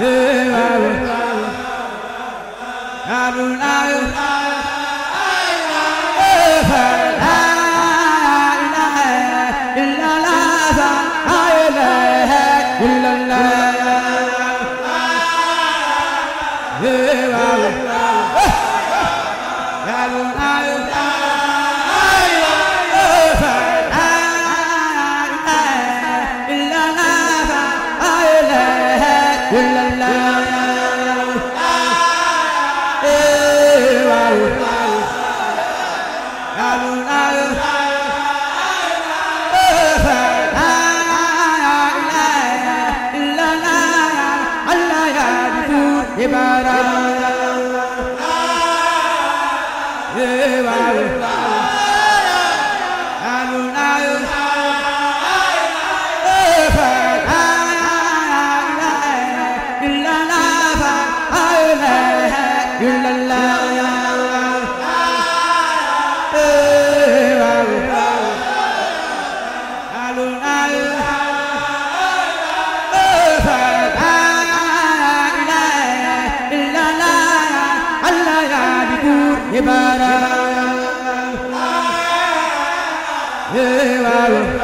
Harun Harun Harun ibarat Ibadan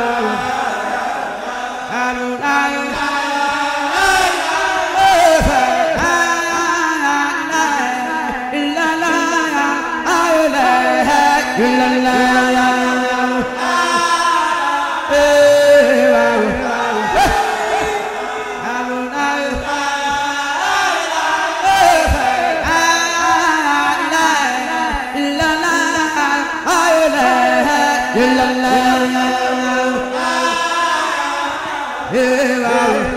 waaw